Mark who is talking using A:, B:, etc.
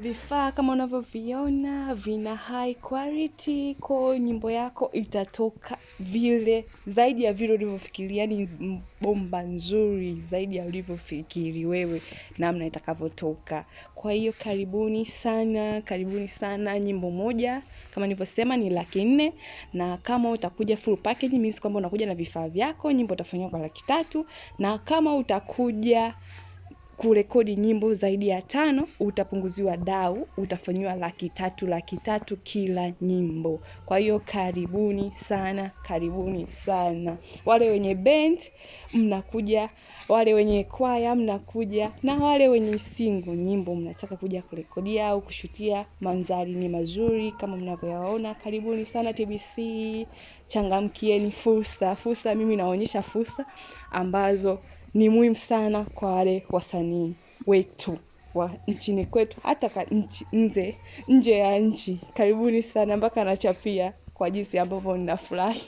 A: vifaa kama unavyoviona vina high quality, kwa nyimbo yako itatoka vile zaidi ya vile ulivyofikiria, yani bomba nzuri zaidi ya ulivyofikiri wewe namna itakavyotoka. Kwa hiyo karibuni sana, karibuni sana. Nyimbo moja kama nilivyosema ni laki nne, na kama utakuja full package means kwamba unakuja na vifaa vyako, nyimbo utafanyiwa kwa laki tatu, na kama utakuja kurekodi nyimbo zaidi ya tano utapunguziwa dau, utafanyiwa laki tatu laki tatu kila nyimbo. Kwa hiyo karibuni sana, karibuni sana. Wale wenye band mnakuja, wale wenye kwaya mnakuja, na wale wenye singu nyimbo mnataka kuja kurekodia au kushutia. Mandhari ni mazuri kama mnavyoyaona. Karibuni sana TBC, changamkieni fursa. Fursa mimi naonyesha fursa ambazo ni muhimu sana kwa wale wasanii wetu wa nchini kwetu, hata ka nchi nje nje ya nchi. Karibuni sana mpaka nachapia kwa jinsi ambavyo ninafurahi.